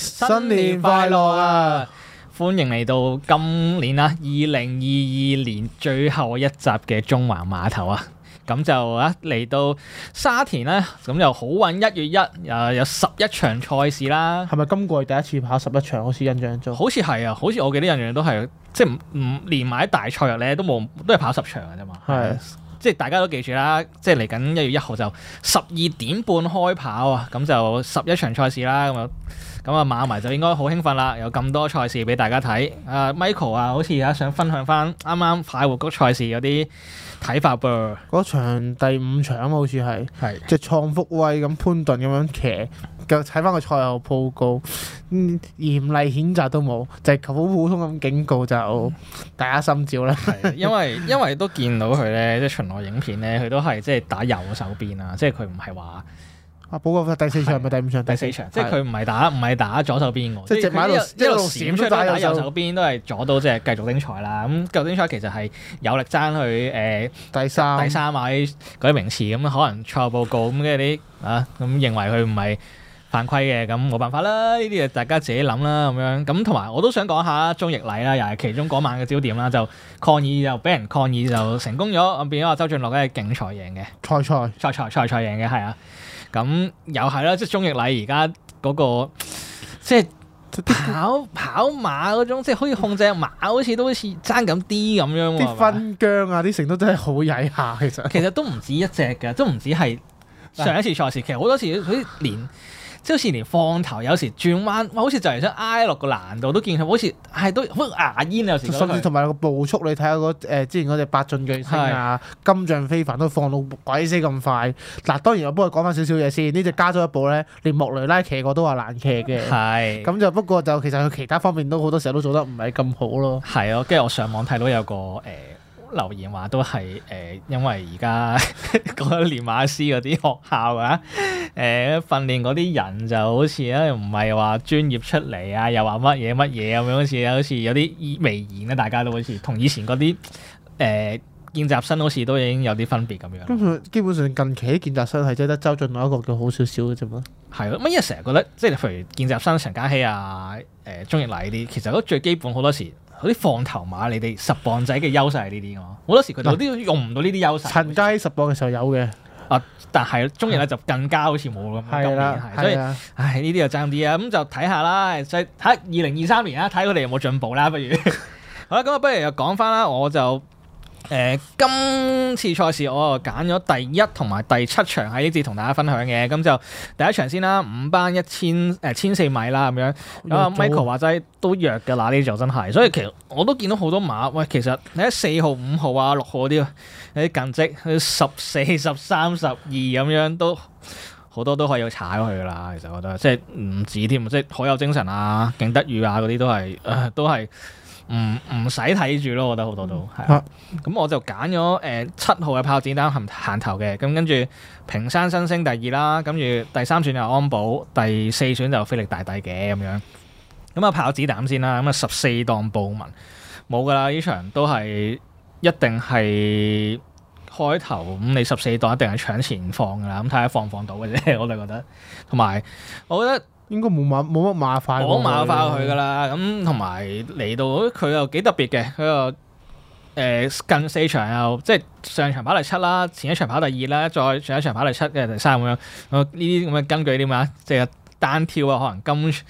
新年快樂啊！樂歡迎嚟到今年啦，二零二二年最後一集嘅中環碼頭啊，咁 就啊嚟到沙田咧，咁就好運，一月一誒有十一場賽事啦。係咪今季第一次跑十一場？好似印象中，好似係啊，好似我記得印象都係即係唔唔連埋大賽日咧都冇，都係跑十場嘅啫嘛。係的。即係大家都記住啦，即係嚟緊一月一號就十二點半開跑啊，咁就十一場賽事啦，咁啊咁啊馬迷就應該好興奮啦，有咁多賽事俾大家睇。啊，Michael 啊，好似而家想分享翻啱啱快活谷賽事嗰啲睇法噃。嗰場第五場好似係，係即係創福威咁潘頓咁樣騎。睇翻個賽後報告，嚴厲譴責都冇，就係、是、好普通咁警告就大家心照啦。因為因為都見到佢咧，即係巡邏影片咧，佢都係即係打右手邊啊！即係佢唔係話啊，報告第四場咪第五場？第四場太即係佢唔係打唔係打左手邊嘅，即係一路一路閃出打右手邊，都係阻到即係繼續頂賽啦。咁舊丁賽其實係有力爭佢誒、呃、第三第三位嗰啲名次咁，可能賽後報告咁，跟住啲啊咁認為佢唔係。犯規嘅咁冇辦法啦，呢啲啊大家自己諗啦咁樣咁，同埋我都想講下鍾易禮啦，禮又係其中嗰晚嘅焦點啦，就抗議又俾人抗議就成功咗，變咗阿周俊樂梗係勁賽贏嘅賽賽賽賽賽，賽贏嘅係啊，咁又係啦，即係鍾易禮而家嗰個即係跑 跑馬嗰種，即係可以控制馬，好似都好似爭咁啲咁樣喎啲分疆啊，啲成都真係好曳下，其實其實都唔止一隻嘅，都唔止係上一次賽事，其實好多次嗰啲連。 即好似連放頭有時轉彎，好似就係想挨落個難度都見佢，好似係都好牙煙，有時甚至同埋個步速，你睇下、嗰個誒、呃，之前嗰隻八駿巨星啊，的金像非凡都放到鬼死咁快。嗱、啊，當然我幫佢講翻少少嘢先。隻呢隻加咗一步咧，連莫雷拉騎過都話難騎嘅。係咁的就不過就其實佢其他方面都好多時候都做得唔係咁好咯。係咯，跟住我上網睇到有個誒、呃留言話都係誒、呃，因為而家嗰練馬師嗰啲學校啊，誒、呃、訓練嗰啲人就好似咧唔係話專業出嚟啊，又話乜嘢乜嘢咁樣，好似好似有啲微言啊，大家都好似同以前嗰啲誒見習生好似都已經有啲分別咁樣。咁佢基本上近期啲見習生係真得周俊樂一個叫好少少嘅啫嘛。係啊，乜因為成日覺得即係譬如見習生陳嘉熙啊、誒、呃、鍾易禮啲，其實都最基本好多時。嗰啲放頭馬，你哋十磅仔嘅優勢係呢啲咯。好多時佢哋啲用唔到呢啲優勢。趁街十磅嘅時候有嘅，啊！但係中日咧就更加好似冇咁。係啦，係，所以唉呢啲又爭啲啊！咁就睇下啦，就睇二零二三年啦，睇佢哋有冇進步啦。不如 好啦，咁啊，不如又講返啦，我就。誒、呃，今次賽事我又揀咗第一同埋第七場喺呢節同大家分享嘅。咁就第一場先啦，五班一千誒、呃、千四米啦，咁樣。咁 Michael 話齋都弱嘅啦，呢就真係，所以其實我都見到好多馬。喂，其實你喺四號、五號啊、六號嗰啲啊，啲近績十四、十三、十二咁樣都好多都可以踩落去嘅啦。其實我覺得即係唔止添，即係好有精神啊，勁得裕啊嗰啲都係、呃、都係。唔唔使睇住咯，我覺得好多都係咁、啊嗯、我就揀咗誒七號嘅豹子膽行頭嘅。咁跟住坪山新星第二啦，跟住第三選就安寶，第四選就菲力大帝嘅咁樣。咁、嗯、啊豹子膽先啦。咁、嗯、啊十四檔布文冇噶啦。呢場都係一定係開頭咁，你十四檔一定係搶前放噶啦。咁睇下放唔放到嘅啫。 我哋覺得同埋，我覺得。應該冇冇乜麻煩冇麻煩佢㗎啦，咁同埋嚟到佢又幾特別嘅，佢又誒、呃、近四場又即係上場跑第七啦，前一場跑第二啦，再上一場跑第七嘅第三咁樣，呢啲咁嘅根據啲乜即係單挑啊，可能今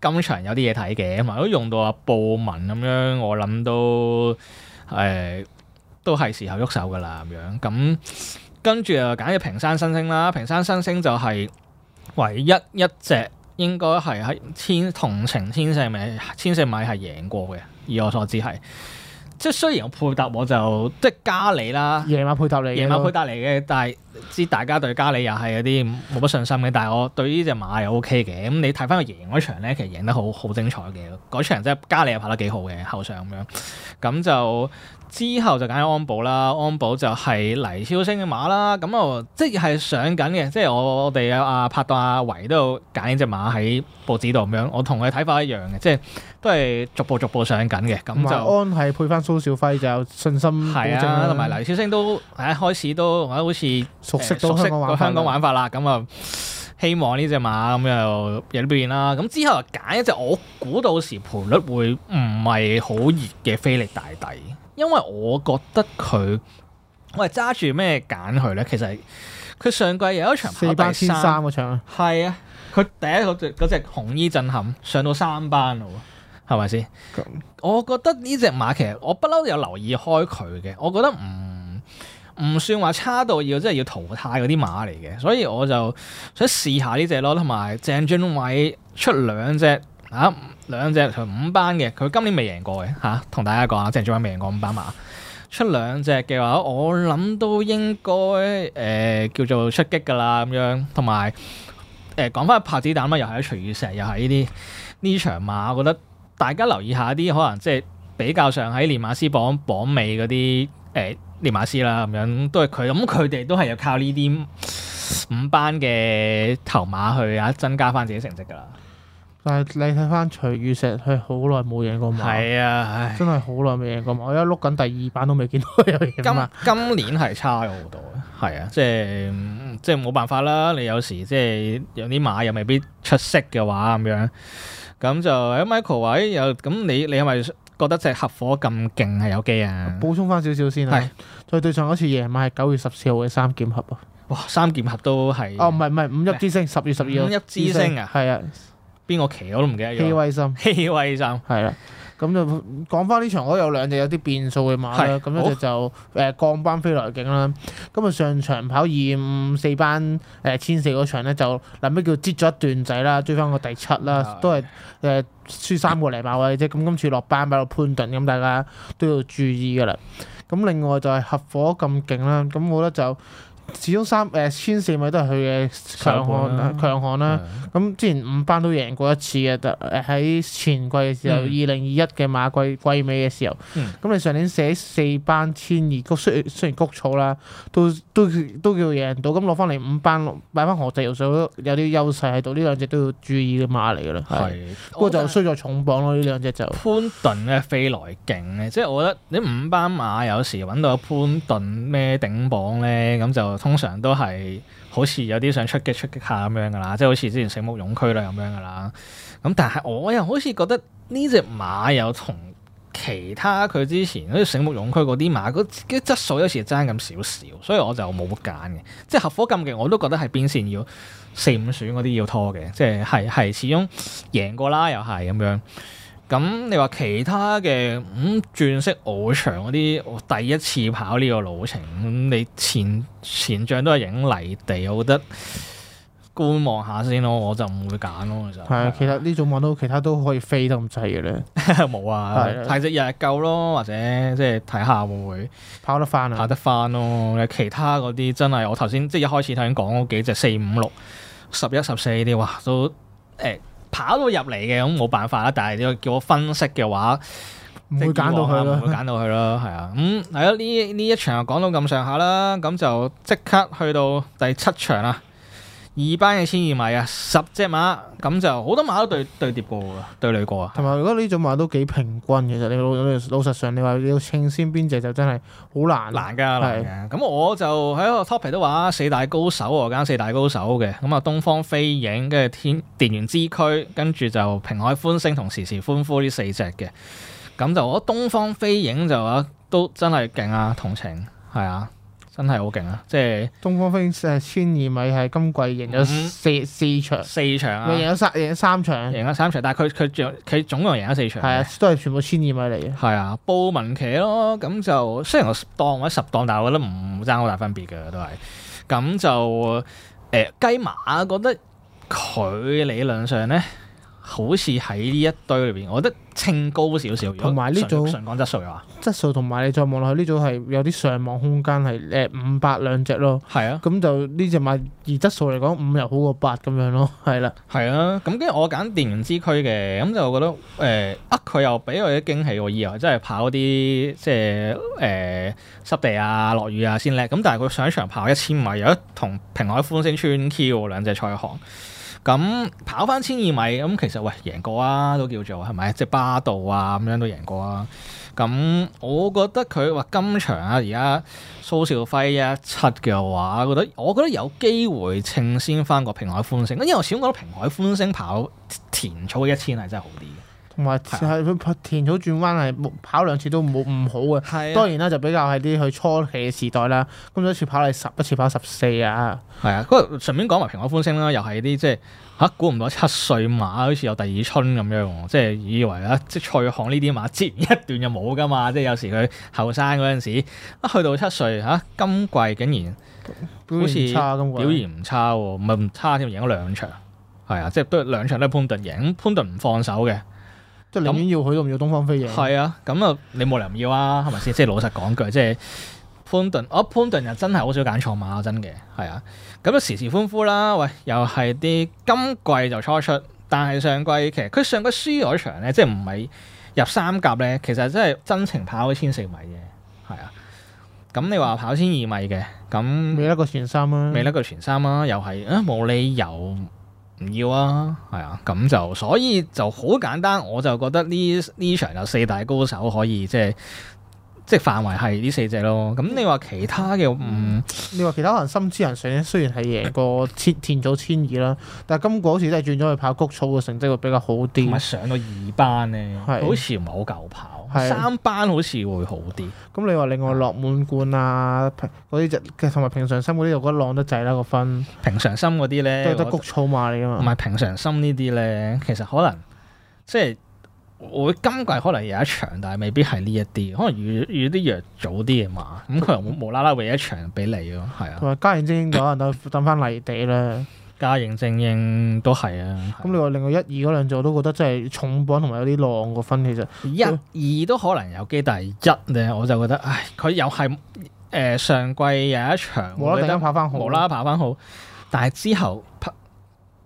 今場有啲嘢睇嘅，同埋都用到啊布文咁樣，我諗都誒都係時候喐手㗎啦咁樣，咁跟住又揀咗坪山新星啦，坪山新星就係唯一一,一隻。應該係喺千同情千四米，千四米係贏過嘅，以我所知係。即係雖然我配搭我就即係加里啦，夜晚配搭你野馬配搭嚟嘅，但係知大家對加里又係有啲冇乜信心嘅。但係我對隻、OK 嗯、我呢隻馬又 OK 嘅。咁你睇翻佢贏嗰場咧，其實贏得好好精彩嘅。嗰場即係加里又拍得幾好嘅後上咁樣。咁就之後就揀安寶啦，安寶就係黎超星嘅馬啦。咁啊，即係上緊嘅。即係我我哋阿拍檔阿維都揀呢隻馬喺報紙度咁樣。我同佢睇法一樣嘅，即係。都係逐步逐步上緊嘅，咁就安係配翻蘇小輝就有信心。係啊，同埋黎少星都，係、哎、啊，開始都我好似、呃、熟悉熟悉香港玩法啦。咁啊，嗯、希望呢隻馬咁又有啲表現啦。咁之後就揀一隻我估到時賠率會唔係好熱嘅菲力大帝，因為我覺得佢我喂揸住咩揀佢咧？其實佢上季有一場四班千三嘅場，係啊，佢第一嗰隻隻紅衣震撼上到三班咯。係咪先？是是嗯、我覺得呢隻馬其實我不嬲有留意開佢嘅，我覺得唔唔算話差到要真係要淘汰嗰啲馬嚟嘅，所以我就想試下呢隻咯鄭隻。同埋鄭俊偉出兩隻啊，兩隻五班嘅，佢今年未贏過嘅吓、啊，同大家講啊，鄭俊偉未贏過五班馬，出兩隻嘅話，我諗都應該誒、呃、叫做出擊噶啦咁樣。同埋誒講翻拍子彈啦，又係徐雨石，又係呢啲呢場馬，我覺得。大家留意一下啲可能即係比較上喺練馬師榜榜尾嗰啲誒練馬師啦，咁樣都係佢咁佢哋都係有靠呢啲五班嘅頭馬去啊增加翻自己成績㗎啦。但係你睇翻徐雨石，佢好耐冇贏過馬，係啊，真係好耐冇贏過馬。唉我而家碌緊第二版都未見到有贏。今今年係差咗好多，係 啊，即係即係冇辦法啦。你有時即係有啲馬又未必出色嘅話，咁樣咁就、哎、Michael 位、哎，又咁你你係咪覺得隻合夥咁勁啊？有機啊？補充翻少少先啦啊，再對上嗰次夜晚係九月十四號嘅三劍俠啊！哇、哦，三劍俠都係哦，唔係唔係五邑之星，十月十二號五邑之星啊，係啊。邊個騎我都唔記得咗。氣威森，氣威森，係啦。咁就講翻呢場，我有兩隻有啲變數嘅馬啦。咁是一隻就誒好、呃、降班飛來警啦。咁啊上場跑二五四班誒千四嗰場咧，就諗咩叫擠咗一段仔啦，追翻個第七啦，都係誒、呃、輸三個零馬位啫。咁今 次落班擺度潘頓，咁大家都要注意噶啦。咁另外就係合夥咁勁啦。咁我覺得就～始終三誒千四米都係佢嘅強項啦，強項啦。咁之前五班都贏過一次嘅，得誒喺前季嘅時候，二零二一嘅馬季季尾嘅時候。咁你上年寫四班千二谷，雖雖然谷草啦，都都都叫贏到。咁攞翻嚟五班，擺翻何澤堯上，ниц, 有啲優勢喺度。呢兩隻都要注意嘅馬嚟㗎啦。係的，不過就衰咗重磅咯，呢兩隻就。就潘頓嘅飛來勁咧，即、就、係、是、我覺得你五班馬有時揾到潘頓咩頂磅咧，咁就。通常都係好似有啲想出擊出擊下咁樣噶啦，即係好似之前醒目勇驅啦咁樣噶啦。咁但係我又好似覺得呢隻馬又同其他佢之前好似醒目勇區嗰啲馬嗰啲質素有時爭咁少少，所以我就冇乜揀嘅。即係合夥咁嘅我都覺得係邊線要四五選嗰啲要拖嘅，即係係係始終贏過啦又係咁樣。咁你話其他嘅咁、嗯、鑽石我場嗰啲第一次跑呢個路程。咁你前前仗都係影泥地，我覺得觀望下先咯，我就唔會揀咯，其實。係啊、嗯，其實呢種馬都其他都可以飛得咁滯嘅咧，冇 啊，睇的隻日日夠咯，或者即係睇下會唔會跑得翻啊？跑得翻咯，其他嗰啲真係我頭先即係一開始頭先講嗰幾隻四五六、十一、十一、十四啲哇都誒。欸跑到入嚟嘅，咁冇辦法啦。但係你要叫我分析嘅話，唔會揀到佢咯，唔會揀到佢咯，係 啊。嗯，係咯，呢呢一場又講到咁上下啦，咁就即刻去到第七場啦。二班嘅千二米啊，十隻馬，咁就好多馬都對對疊過㗎，對擂過啊。同埋，如果呢種馬都幾平均嘅，其實你老你老實上你，你話要稱先邊隻就真係好難難㗎，難嘅。咁是我就喺個 topic 都話四大高手㗎，揀四大高手嘅。咁啊，東方飛影，跟住天電源之駒，跟住就平海歡星同時時歡呼呢四隻嘅。咁就我覺得東方飛影就啊都真係勁啊，同情係啊。真係好勁啊！即係東方飛影千二米係今季贏咗四、嗯、四場，四場啊！贏咗三贏咗三場，贏咗三場。但係佢佢總佢總共贏咗四場，係啊，都係全部千二米嚟嘅。係啊，布文騎咯，咁就雖然我十檔或者十檔，但係我覺得唔爭好大分別㗎都係。咁就誒、呃、雞馬覺得佢理論上咧。好似喺呢一堆裏邊，我覺得稱高少少。同埋呢組純講質素啊，質素同埋你再望落去，呢組係有啲上網空間係誒五百兩隻咯。係啊，咁就呢隻買而質素嚟講五又好過八咁樣咯，係啦。係啊，咁跟住我揀電源之駒嘅，咁就覺得誒、呃、啊，佢又俾我啲驚喜喎！以為真係跑啲即係誒、呃、濕地啊、落雨啊先叻，咁但係佢上一場跑一千米，有得同平海歡星穿 Q 兩隻賽項。咁、嗯、跑翻千二米咁、嗯，其實喂贏過啊，都叫做係咪？即係巴道啊咁樣都贏過啊。咁、嗯、我覺得佢話今場啊，而家蘇少輝一、啊、七嘅話覺得我覺得有機會稱先翻個平海歡星，因為我始終覺得平海歡星跑田草一千係真係好啲嘅。唔係，係佢田草轉彎係跑兩次都冇唔好嘅。當然啦，就比較係啲去初期嘅時代啦。今次一次跑係十，一次跑十四啊。係啊，不過順便講埋平海歡星啦，又係啲即係嚇估唔到七歲馬好似有第二春咁樣喎。即係以為啊，即係賽駒呢啲馬接一段就冇㗎嘛。即係有時佢後生嗰陣時，一去到七歲嚇，今季竟然表現差，表現唔差喎，唔係唔差添，贏咗兩場。係啊，即係都兩場都潘頓贏，潘頓唔放手嘅。即係寧願要佢都唔要東方飛影。係啊，咁啊，你冇理由唔要啊，係咪先？即係老實講句，即係 Poundon，哦，Poundon 又真係好少揀錯馬，真嘅。係啊，咁啊時時歡呼啦，喂，又係啲今季就初出，但係上季其實佢上季輸咗場咧，即係唔係入三甲咧，其實真係真情跑咗千四米嘅，係啊。咁你話跑千二米嘅，咁未得個全三啊，未得個全三啊，又係啊冇理由。唔要啊，係啊，咁就所以就好簡單，我就覺得呢呢場有四大高手可以即係，即係範圍係呢四隻咯。咁你話其他嘅唔，嗯、你話其他可能深之人上雖然係贏過千天祖千二啦，但係今果好似都係轉咗去跑谷草嘅成績會比較好啲，上到二班咧，好似唔係好夠跑。三班好似會好啲，咁、嗯、你話另外落滿貫啊，嗰啲就同埋平常心嗰啲，都我覺得浪得滯啦個分。平常心嗰啲咧，都係谷草嘛。你噶嘛。唔係平常心呢啲咧，其實可能即係會今季可能有一場，但係未必係呢一啲，可能預預啲藥早啲嘅馬，咁佢又無啦啦搲一場俾你咯，係啊。同埋加完之後 可能等翻泥地啦。家贏正贏都係啊！咁你話另外一、二嗰兩隻我都覺得真係重本，同埋有啲浪個分，其實一、二都可能有機，但一咧我就覺得，唉，佢又係誒、呃、上季有一場無啦跑翻好，無啦跑翻好，但係之後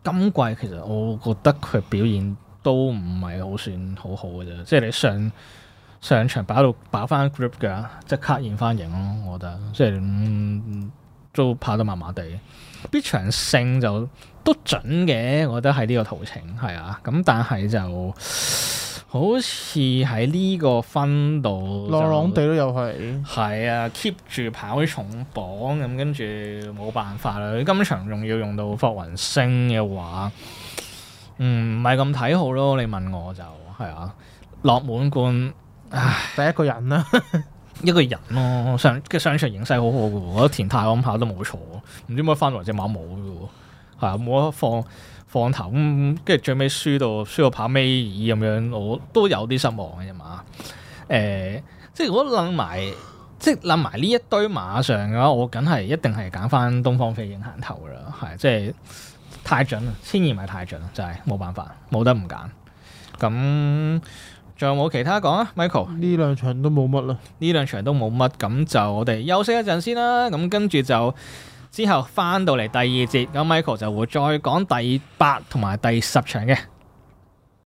今季其實我覺得佢表現都唔係好算好好嘅啫，即係你上上場擺到擺翻 group 嘅，即刻現翻形咯，我覺得即係、嗯、都跑得麻麻地。必場勝就都準嘅，我覺得喺呢個途程，係啊，咁但係就好似喺呢個分度，朗朗地咯又係，係啊，keep 住跑重磅咁，跟住冇辦法啦。今場仲要用到霍雲升嘅話，嗯，唔係咁睇好咯。你問我就係啊，落滿冠，唉，第一個人啦。 一個人咯，商跟商場形勢好好嘅，我覺得田太咁諗跑得冇錯，唔知點解翻來隻馬冇嘅喎，係啊冇得放放頭，咁跟住最尾輸到輸到跑尾咁樣，我都有啲失望嘅啫嘛。誒、呃，即係如果諗埋，即係諗埋呢一堆馬上嘅話，我梗係一定係揀翻東方飛影行頭啦，係、啊、即係太準啦，千二咪太準啦，就係、是、冇辦法，冇得唔揀咁。仲有冇其他講啊，Michael？呢兩場都冇乜啦，呢兩場都冇乜，咁就我哋休息一陣先啦，咁跟住就之後返到嚟第二節，咁 Michael 就會再講第八同埋第十場嘅。